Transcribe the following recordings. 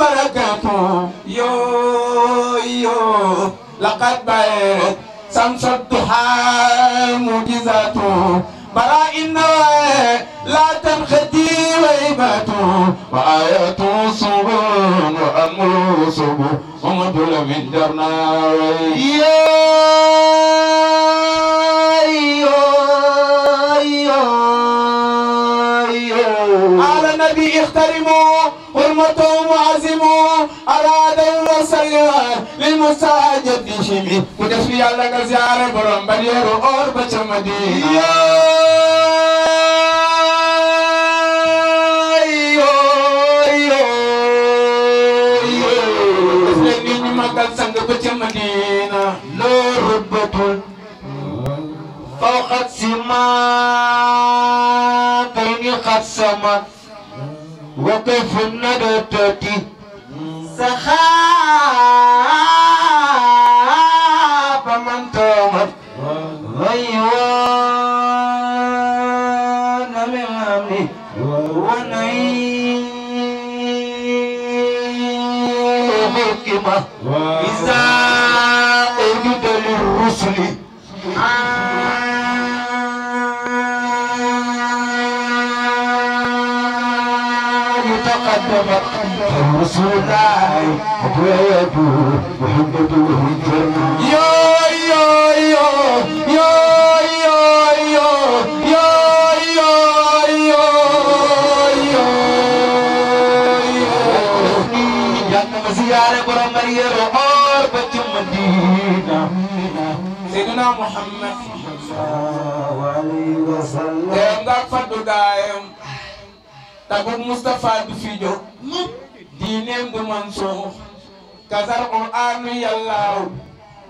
بركاته يو يو لقد بقيت شمس الضحى معجزاته برائن لا تنختي وهباته وآياته صبر وأمره صبر ومدل من جرناوي على النبي اخترموا حرمتهم ala dayma salliwaat li Musaa jaddi chimi mu def li yàlla nga ziare borom ba yeeru or ba ca Madina فوقت سما كوني قد سما وكيف ندوتتي سخاب من تومت غيوان من أمني ونعيم حكمة إذا رسول الله حبيبه محبته الجنة يا يا يا يا يا يا يا يا يا يا يا زيارة برام مريم اور بچو مدینہ سيدنا محمد صلى الله عليه وسلم دائم دا فدو دائم تبو مصطفى بفيدو diineem du man suux kasar qur'aanu yàllaaw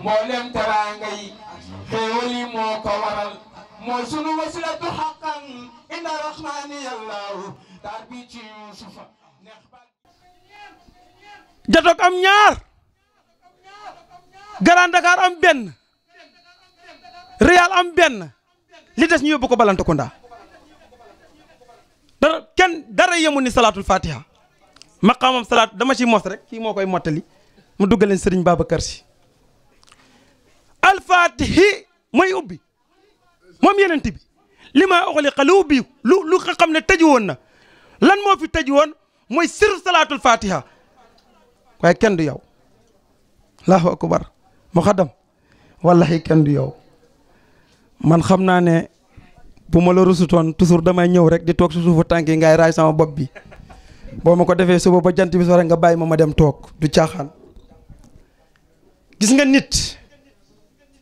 mboolem teraanga yi xéewal yi moo ko waral moo sunu wasilatu xaqan inda rahmaani yàllaaw taar bi ci yuusufa neex am ñaar Grand Dakar am benn am li ñu ko dara yemu ni fatiha maqamam salat dama ci mos rek ki mo koy motali mu duggal len serigne Babacar si alfaatihi mooy ubbi moom yeneen bi li maa uxliqa lu lu lu nga xam ne na lan mo fi tëju won moy sir salatul fatiha way ken du yow allahu akbar mo xadam wallahi ken du yow man xamna ne buma la rusuton toujours damay ñëw rek di tok su suufu tanki ngay ray sama bop bi boo ma ko defee suba ba jant bi soo rek nga bàyyi ma ma dem toog du caaxaan gis nga nit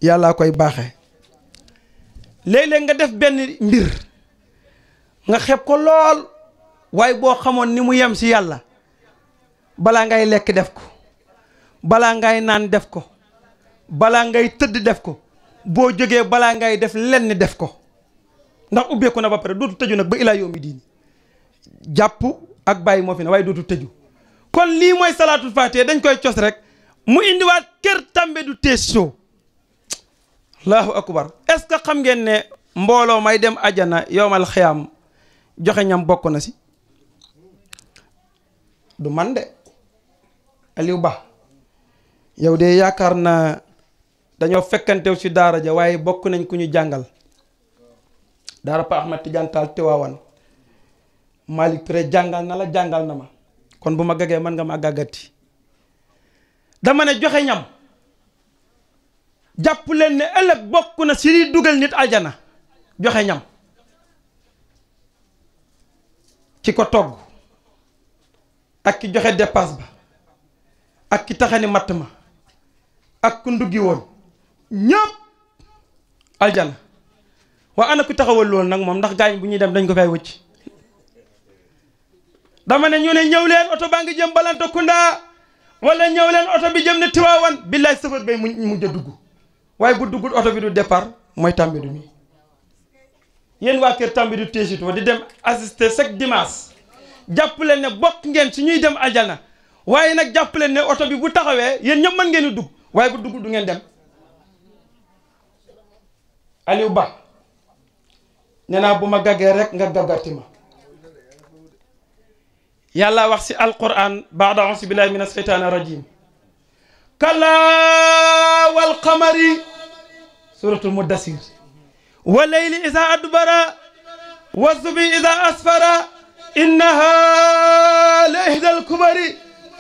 yàllaa koy baaxe léeg-léeg nga def benn mbir nga xeeb ko lool waaye boo xamoon ni mu yem si yàlla balaa ngay lekk def ko balaa ngay naan def ko balaa ngay tëdd def ko boo jógee balaa ngay def lenn def ko ndax ubbeeku na ba pare dootu tëju nag ba ilaa yoomi diini jàpp ak bàyyi moo fi ne waaye dootu tëju kon lii mooy salaatul faatiha dañ koy cos rek mu indiwaat kër tàmbe du teesoo allahu akbar est ce que xam ngeen ne mbooloo may dem ajana yowmal xiyaam joxeñam bokk na si du man de Aliou Ba yow de yaakaar na dañoo fekkantew si daara ja waaye bokk nañ ku ñu jàngal daara Pa Ahmad Tijaan Taal Tiwaawan malik tre jangal na la jangal na ma kon buma ma man nga ma gagati dama ne joxe ñam japp len ne elek bokku na siri duggal dugal nit aljana joxe ñam ci ko togg ak ki joxe dépasse ba ak ki taxani matt ma ak ku nduggi won ñëpp aljana wa ana ku taxawal lol nak mom ndax gañ bu dem dañ ko fay wëcc dama ne ñu ne ñëw leen oto baa ngi jëm balanta kunda wala ñëw leen oto bi jëm ne tiwaawan billaay safar bay mu mujj a dugg waaye bu duggul oto bi du départ mooy tàmbidu mi yéen waa kër tàmbidu téesitoo di dem assister chaque dimaas jàpp leen ne bokk ngeen ci ñuy dem aljana waaye nag jàpp leen ne oto bi bu taxawee yéen ñëpp mën ngeen di dugg waaye bu dugg du ngeen dem Aliou Ba nee naa bu ma gaggee rek nga gàggarti ma يلا وحسي القرآن بعد عنس بالله من الشيطان الرجيم كلا والقمر سورة المدسير والليل إذا أدبر والزبي إذا أسفر إنها لإهدى الكبر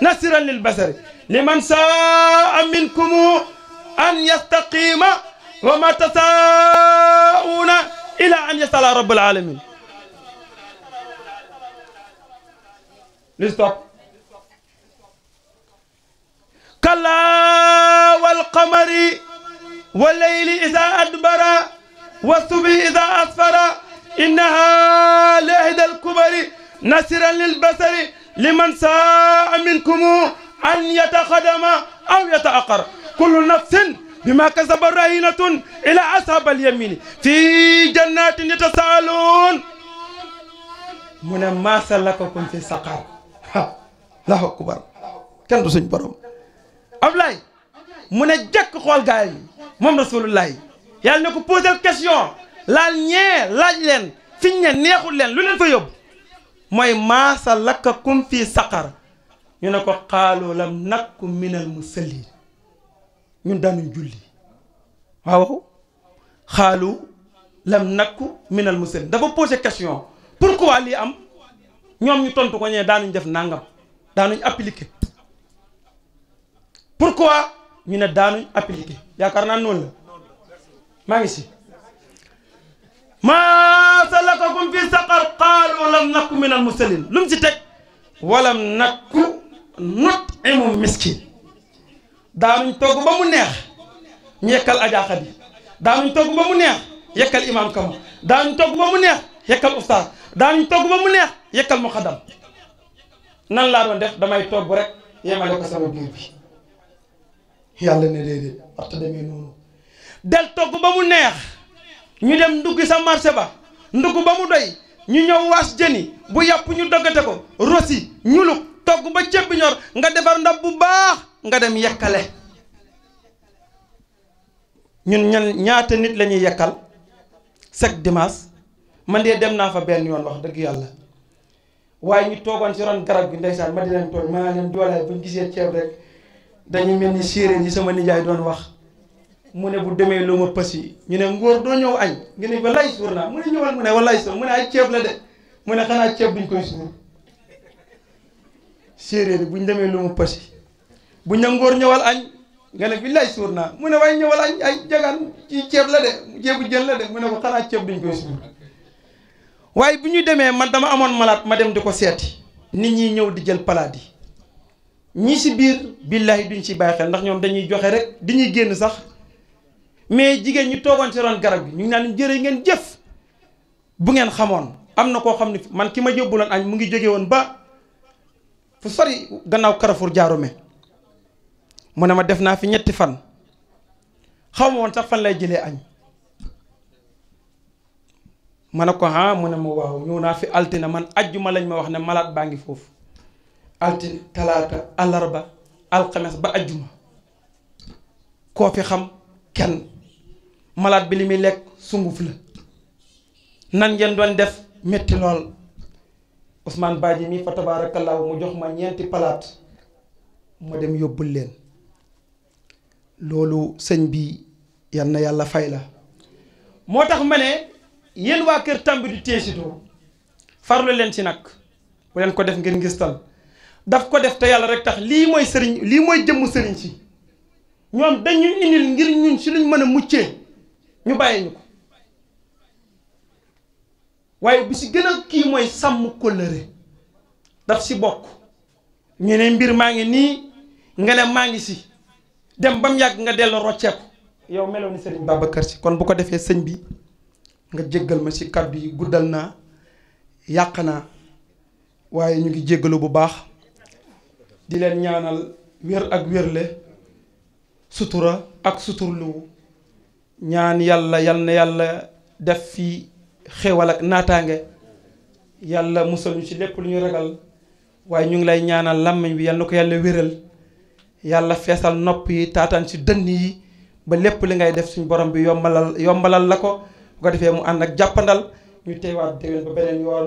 نسرا للبصر لمن ساء منكم أن يستقيم وما تساءون إلى أن يسأل رب العالمين لستوب كلا والقمر والليل إذا أدبر والصبي إذا أصفر إنها لإحدى الكبر نسرا للبصر لمن ساء منكم أن يتخدم أو يتأقر كل نفس بما كسب رهينة إلى أصحاب اليمين في جنات يتسألون من ما سلككم في سقر allahu akbar kenn du suñ borom Ablaye mu ne jekk xool gaay yi moom rasulullah yàlla ne ko posel question laal ñee laaj leen fiñ ne neexul leen lu leen fa yóbbu mooy maasa lakkakum fii saqar ñu ne ko xaalu lam nakku minal musalliin ñun daanuñ julli waaw xaalu lam nakku minal musalliin dafa posé question pourquoi lii am ñoom ñu tontu ko ñee daanuñ def nangam daanuñ appliqué pourquoi ñu ne daanuñ appliqué yaakaar naa noonu la maa ngi si maa salakakum fi saqar qaalu lam nakku min al musallin lu mu si teg walam nakku not imum miskin daanuñ togg ba mu neex ñu yekkal ajaaxa bi daanuñ togg ba mu neex yekkal imam kama daanuñ togg ba mu neex yekkal ustaas Dan togg ba mu neex yëkkal mu xadam nan laa doon def damay togg rek yemale ko sama biir bi yàlla ne déedéet waxta demee noonu del togg ba mu neex ñu dem ndugg sa marché ba ndugg ba mu doy ñu ñëw waas jëni bu yàpp ñu doggate ko rosi ñuluk togg ba ceeb ñor nga defar ndab bu baax nga dem ñun ñan ñaata nit dimanche man de dem naa fa benn yoon wax dëgg yàlla waaye ñu toogoon ci ron garab gi ndeysaan ma di leen tooñ maa leen joolaay buñ gisee ceeb rek dañu mel ni séeréer yi sama nijaay doon wax mu ne bu demee loo ma pës yi ñu ne ngóor doo ñëw añ nga ne wallaay suur naa mu ne ne wallaay suur mu ne ceeb la mu ne xanaa ceeb duñ koy suur séeréer yi buñ demee lu ma pës yi buñ ne añ nga ne billaay suur naa mu ne waaye ñëwal añ ay jagaan ci ceeb la de bu jën la de mu ne ko xanaa ceeb duñ koy suur waaye bu ñu demee man dama amoon malaat ma dem di ko seeti nit ñi ñëw di jël palaat yi ñii si biir billaahi duñ si bàyyi xel ndax ñoom dañuy joxe rek di ñuy génn sax mais jigéen ñi toogoon si garab gi ñu ngi naan jërë ngeen jëf bu ngeen xamoon am na koo xam ne man ki ma yóbbuloon añ mu ngi jóge woon ba fu sori gannaaw Carrefour jaarume mu ne ma def naa fi ñetti fan xaw ma woon sax fan lay jëlee añ ma ne ko ah mu ne ma waaw ñëw naa fi altine man ajjuma lañ ma wax ne malaat baa ngi foofu altine talaata ba alxames ba ajjuma koo fi xam kenn malaat bi li muy lekk sunguf la nan ngeen doon def métti lool Ousmane yi mii fa tabaarakallaahu mu jox ma ñeenti palaat ma dem yóbbul leen loolu sëñ bi yal na yàlla fay la moo tax ma ne Yel wa kër Tambadou di do, farlu len ci nak bu len ko def ngir ngistal daf ko def te yalla rek tax lii mooy sëriñ lii mooy jëmm sëriñ si ñoom dañu indil ngir ñun ci luñu mëna muccé ñu bàyyi ñuko waye bu ci gëna ki moy sam ko leeré daf si bok ñene mbir maa ngi nii nga ne maa ngi si dem bam yag nga dellu rocceeku yow ni sëriñ Babacar kon bu ko defé serign bi nga jéggal ma ci kàddu yi guddal naa yàq naa waaye ñu ngi jéggalu bu baax di leen ñaanal wér ak wérle sutura ak suturlu ñaan yàlla yal na yàlla def fi xéwal ak naataange yàlla musal ñu ci lépp lu ñu ragal waaye ñu ngi lay ñaanal làmmiñ bi yal na ko yàlla wéral yàlla feesal nopp yi taataan ci dënn yi ba lépp li ngay def suñu borom bi yombalal yombalal la ko bu ko defee mu ànd ak jàppandal ñu teewaat déwén ba beneen yoon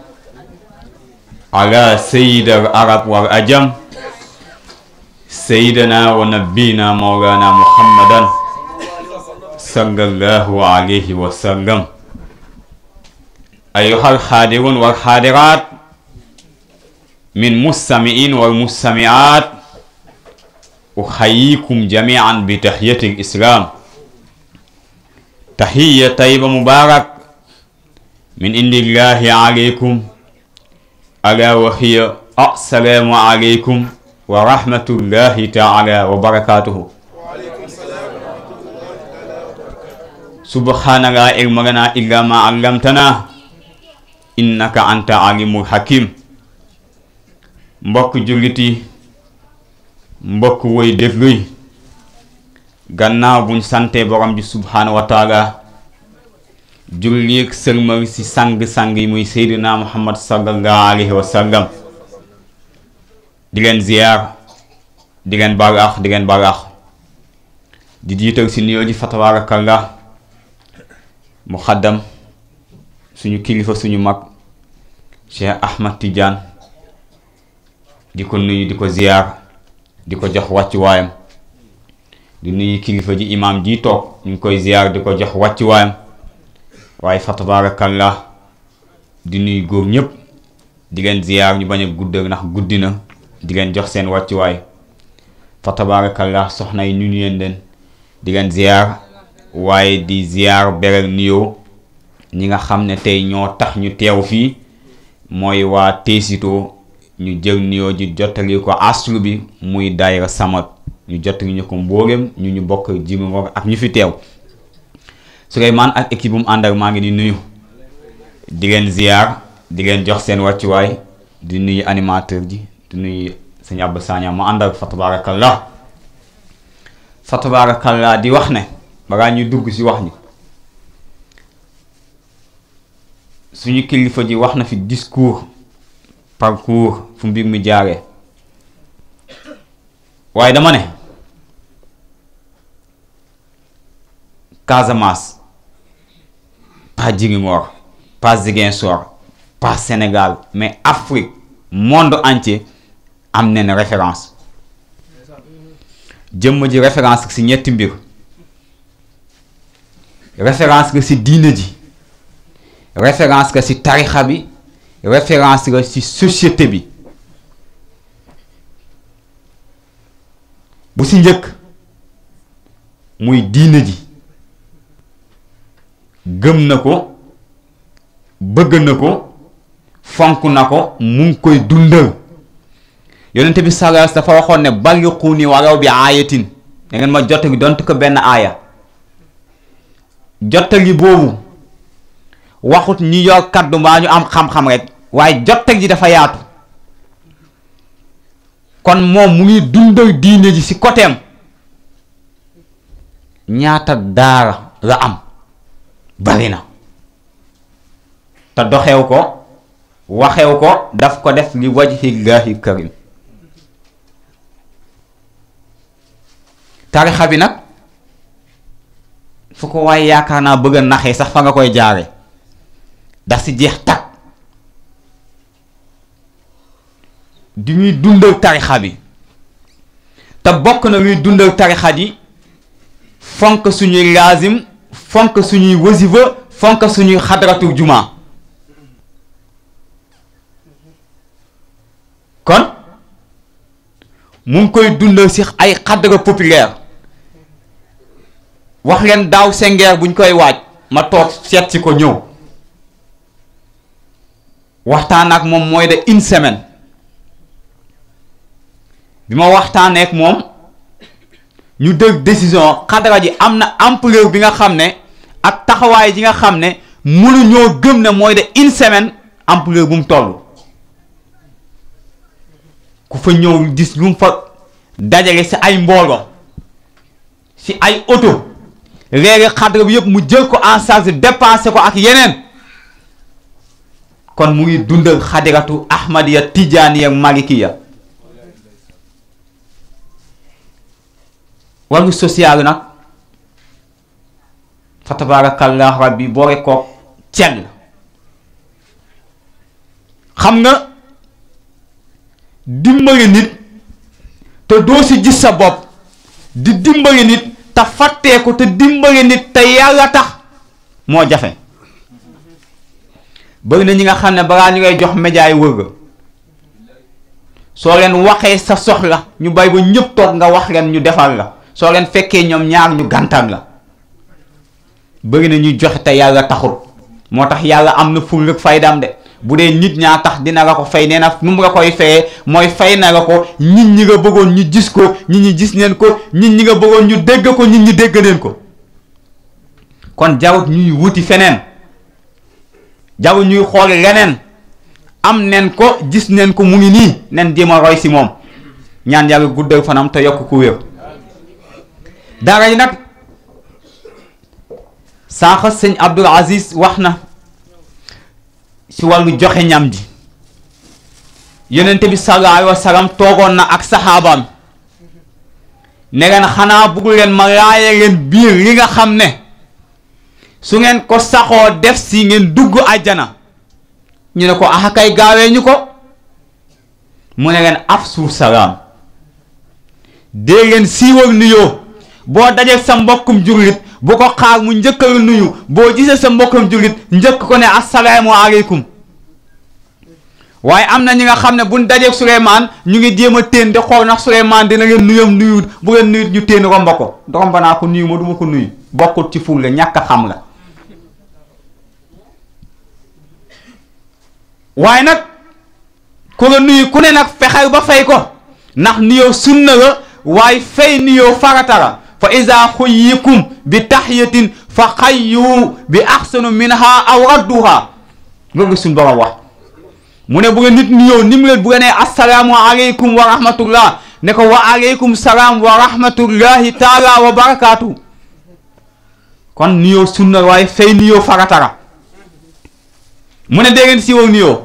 على سيد العرب والأجم سيدنا ونبينا مولانا محمدا صلى الله عليه وسلم أيها الحاضرون والحاضرات من مستمعين والمستمعات أحييكم جميعا بتحية الإسلام تحية طيبة مبارك من عند الله عليكم alaa waxiya assalaamu aleykum wa rahmatullahi taala wa barakatuhu subhanaka laa ilma allamtanaa innaka anta alimul hakim mbokk jullit mbokk woy dégluy gannaaw sante borom subhaanahu wa julli ak sërmal ci sang-sang yi muy sayyidina muhammad sallallahu alaihi wasallam di leen ziyaar di leen baraax di leen baraax di jiital si mu suñu kilifa suñu mag cheikh ahmad tidiane di ko nuyu di ko ziyaar di ko jox di nuyu kilifa ji imam ji tok ñu koy ziar di ko jox wayam waaye fa tabaarakallah di nuy góor ñëpp di leen ziyaar ñu bañ a guddal ndax guddi na di leen jox seen wàccuwaay fa tabaarakallah soxna yi ñu nuyeen leen di leen ziyaar waaye di ziyaar beral niyo ñi nga xam ne tey ñoo tax ñu teew fii mooy waa Téesito ñu jël nuyoo ji jottali ko aslu bi muy daayira samat ñu jottali ñu ko mbóoreem ñu ñu bokk ji ak ñu fi teew Souleymane ak équipe bu mu ànd ak maa ngi di nuyu di leen ziar di leen jox seen wàccuwaay di nuyu animateur ji di nuyu sëñ Abba Sagna mu ànd ak fa tabarakallah fa tabarakallah di wax ne balaa ñuy dugg ci wax ñi suñu kilifa ji wax na fi discours parcours fu mbir mi jaaree waaye dama ne Casamance pas Djigimor, pas Ziguinchor, pas Sénégal, mais Afrique, monde entier, a une référence Je me dis référence que c'est mbir référence que c'est Dinedi. référence que c'est Tarikhabi, référence que c'est société bi bu ci gëm na ko bëgg na ko fonk na ko mu ngi koy dundal yonente bi sallallahu alayhi dafa waxoon ne balliquuni walaw bi aayatin da ngeen ma jottali donte ko benn aaya jottali boobu waxut ñi yor kaddu mbaa ñu am xam-xam rek waaye jottali ji dafa yaatu kon moom mu ngi dundal diine ji ci côté ñaata daara la am bari na te doxew ko waxew ko daf ko def li wajhillaahi karim tarixa bi nag fu ko waaye yaakaar naa bëgg a naxee sax fa nga koy jaare daf si jeex takk di ñuy dundal tarixa bi te bokk na ñuy dundal tarixa yi fonk suñuy laazim fonk suñuy wasiva fonk suñuy xadratu juma kon mu ngi koy dundal si ay xadra populaire wax leen daaw sengeer buñ koy waaj ma toog seet si ko ñëw waxtaan ak moom mooy de une semaine bima waxtaaneek moom ñu dégg décision xadara ji am na ampleur bi nga xam ne ak taxawaay ji nga xam ne mënu ñoo gëm ne mooy de une semaine ampleur bu mu toll ku fa ñëw gis lu mu fa dajale si ay mbooloo si ay oto léegi xadara bi yëpp mu jël ko en charge dépensé ko ak yeneen kon mu ngi dundal xadaratu ahmadiya tijaaniya malikiya wàllu social nag fa tabaarakallah rabbi boore koog cell xam nga dimbali nit te doo si gis sa bopp di dimbali nit te fàttee ko te dimbali nit te yàlla tax moo jafe bëri na ñi nga xam ne balaa ñu ngay jox média yi wër soo leen waxee sa soxla ñu bay ba ñëpp toog nga wax leen ñu defal la soo leen fekkee ñoom ñaar ñu gàntaan la bëgg na ñuy joxe te yàlla taxul moo tax yàlla am na ful rek faydaam de bu dee nit ñaa tax dina la ko fay nee na nu mu la koy fayee mooy fay na la ko ñit ñi nga bëggoon ñu gis ko nit ñi gis neen ko nit ñi nga bëggoon ñu dégg ko nit ñi dégg neen ko kon jarut ñuy wuti feneen jarut ñuy xool leneen am neen ko gis neen ko mu ngi nii nen jéem a roy si moom ñaan yàlla guddal fanam te yokk ku wér daara yi nag saaxa sëñ Abdul Aziz wax na ci wàllu joxe ñam ji yonente bi sallallahu alayhi wa sallam toogoon na ak saxaabaam ne leen xanaa bugg leen ma laaye leen biir li nga xam ne su ngeen ko saxoo def si ngeen dugg àjjana ñu ne ko ax kay gaawee ñu ko mu ne leen af suuf salaam dee leen siiwal nuyoo boo dajeeg sa mbokkum jullit bu ko xaar mu njëkk a nuyu boo gisee sa mbokkum jullit njëkk ko ne asalaamu aleykum waaye am na ñi nga xam ne buñ dajeeg Souleymane ñu ngi jéem a téen di xool ndax Souleymane dina leen nuyam nuyut bu leen nuyut ñu téen romba ko romba naa ko nuyu ma du ma ko nuyu bokkut ci fulla ñàkk a xam la waaye nag ku la nuyu ku ne nag fexeel ba fay ko ndax nuyoo sunna la waaye fay nuyoo faratara fa iza xuyyikum bi taxiyatin fa xayyu bi axsanu minha aw radduha loolu suñu borom wax mu ne bu nit nuyoo ni mu leen bu ngeen wa rahmatullah ne ko wa aleykum salaam wa rahmatullahi taala wa barakaatu kon nuyoo sunna waaye fay nuyoo faratara mu ne dee ngeen siiwoo nuyoo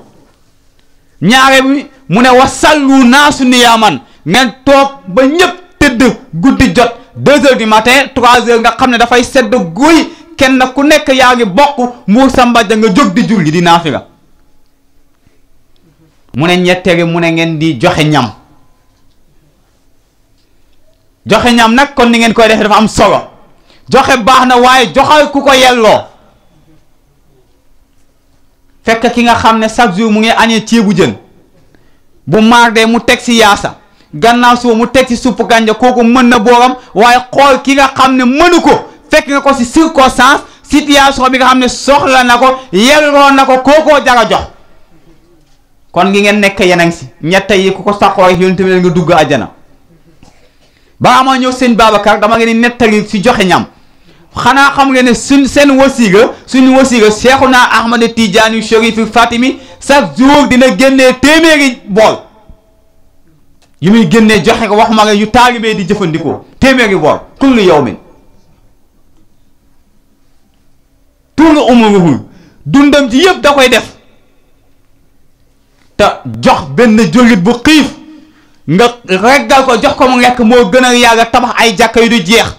ñaare bi mu ne wa sallu niyaaman ngeen toog ba ñëpp tëdd guddi jot deux heures du matin nga xam ne dafay sedd guy kenn ku nekk yaa ngi bokk muur sa mbàjj nga jóg di julli di la mu ne ñetteel mu ne ngeen di joxe ñam joxe ñam nag kon ni ngeen koy defee dafa am solo joxe baax na waaye joxal ku ko yelloo fekk ki nga xam ne chaque jour mu ngi añee ceebu jën bu maar dee mu teg si yaasa gannaaw suba mu teg ci supp gànja kooku mën na boogam waaye xool ki nga xam ne mënu ko fekk nga ko si circonstance situation bi nga xam ne soxla na ko yelloo na ko kookoo jar a jox kon ngi ngeen nekk yeneen si ñett yi ku ko saxoo yonent bi nga dugg àjjana ba amaa ñëw seen Babacar dama ngeen di nettali si joxeñam xanaa xam nga ne su seen wasiga suñu naa wasiga Seexuna Ahmad Tijaani Chérif Fatimi sa jour dina génnee téeméeri bool yi muy génnee joxe ko wax ma nga yu taalibee di jëfandikoo téeméeri woor kullu yawmin tuula umruhu dundam ji yépp da koy def te jox benn jullit bu xiif nga reggal ko jox ko mu nekk moo gën a yàgg tabax ay jàkka yu du jeex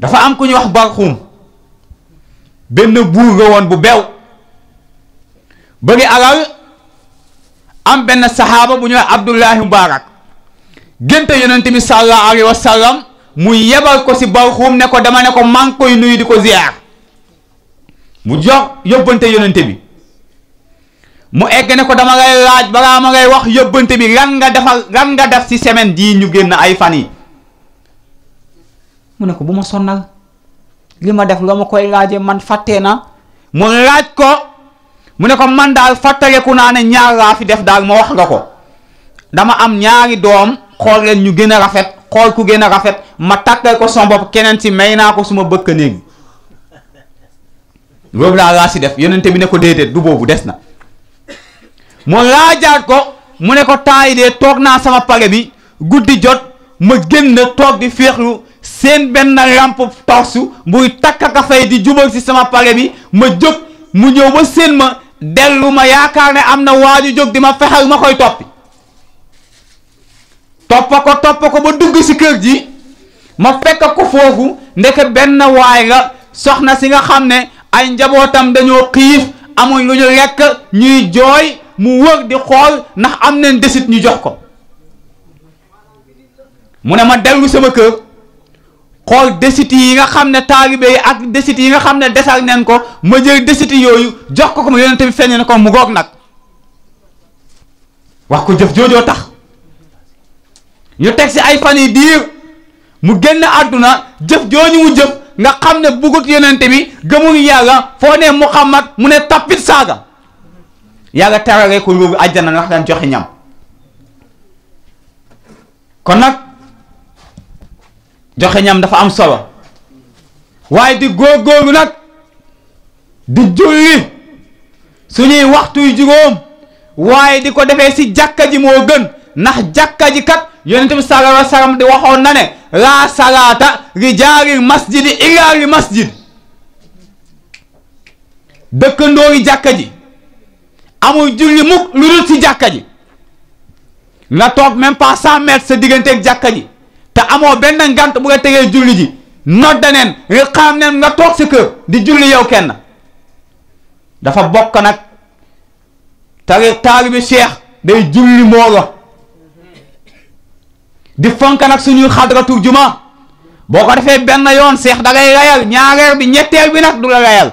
dafa am ku ñu wax barxum benn buur la woon bu beew bëri alal am benn saxaaba bu ñuy wax Abdullahi Mubaarak génte yonent bi sallallahu alayhi mu yebal ko si Barxuum ne ko dama ne ko maa koy nuyu di ko ziar mu jox yóbbante yonent bi mu egg ne ko dama lay laaj balaa ma ngay wax yóbbante bi lan nga defal lan nga def si semaine jii ñu génn ay fan yi mu ne ko bu ma sonnal li ma def la ma koy laajee man fàttee na mu laaj ko. mu ne ko man dal fatale naa naane ñaar la fi def dal mo wax nga ko dama am ñaari dom xol len ñu gëna rafet xol ku gëna rafet ma takke ko son bop kenen ci mayna ko suma bëkk neeg loolu la la ci def yonente bi ne ko dedet du bobu des na la jaar ko mu ne ko tay de tok na sama pare bi guddi jot ma tok di sen ben na lamp torsu buy takka ka fay di jubal si sama pare bi ma jop mu ñew ba sen ma dellu ma yaakaar ne am na waa waaju jóg di ma fexal ma koy toppi toppa ko topp ko ba dugg ci kër ji ma fekk ko foofu ndeke benn waay la soxna si nga xam ne ay njabootam dañoo xiif amuñ lu ñu lekk ñuy jooy mu wër di xool ndax am nañ desit ñu jox ko mu ne ma dellu sama kër xool desiti yi nga xam ne taalibe yi ak desiti yi nga xam ne desal neen ko ma jël desiti yooyu jox ko ko ma yonente bi feeñ ne ko mu goog nag wax ko jëf joojoo tax ñu teg si ay fan yi diir mu génn àdduna jëf jooju mu jëf nga xam ne bugut yonente bi gëmul yàlla foo ne Muhammad mu ne tappit saaga yàlla terale ko yóbbu àjjana wax daan joxe ñam kon nag joxe ñam dafa am solo waye di góorgóorlu nak di julli suñuy waxtu juróom waaye di ko defee si jàkka ji mo gën nax jakka ji kat yonente bi sallallahu alayhi wasallam di waxoon na ne la salata li jaaril masjidi illaa li masjid ndori jakka ji amul julli muk lu dul si jàkka ji nga tok même pas 100 mètres digënté ak jakka ji te amo ben ngant bu nga tegee julli ji nodda neen nga xam neen nga tok ci keur di julli yow kenn dafa bok nak tari taari bi cheikh day julli la di fonk nak suñu khadratu juma boko defé ben yon cheikh da ngay rayal ñaarer bi ñettel bi nak du la rayal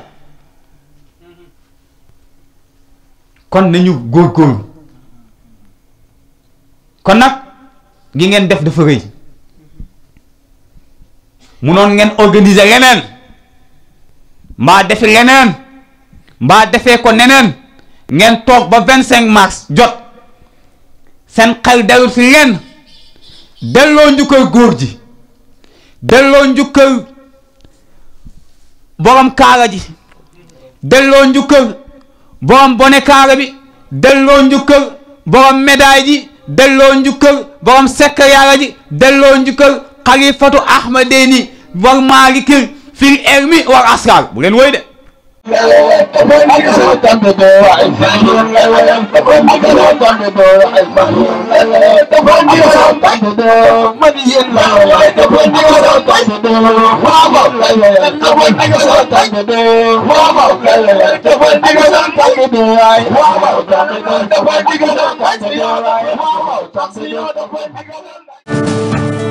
kon nañu gor kon nak gi ngeen def dafa reuy munoon ngeen organiser leneen mbaa defi leneen mbaa defee ko neneen ngeen toog ba 25 cinq mars jot seen xel dellu si leen delloo njukkal góor ji delloo njukkal borom kaala ji delloo njukkal borom bone kaala bi delloo njukkal borom médaille ji delloo njukkal borom sekk ji delloo njukkal xalifatu ahmadeni war maalikin fil ermi war asrar bu leen woy de ولم تكن مكسوة بضواعف ولم تكن مكسوة بضواعف ولم تكن مكسوة بضواعف مني ولم تكن مكسوة بضواعف ولم تكن مكسوة بضواعف ولم تكن مكسوة بضواعف ولم تكن مكسوة بضواعف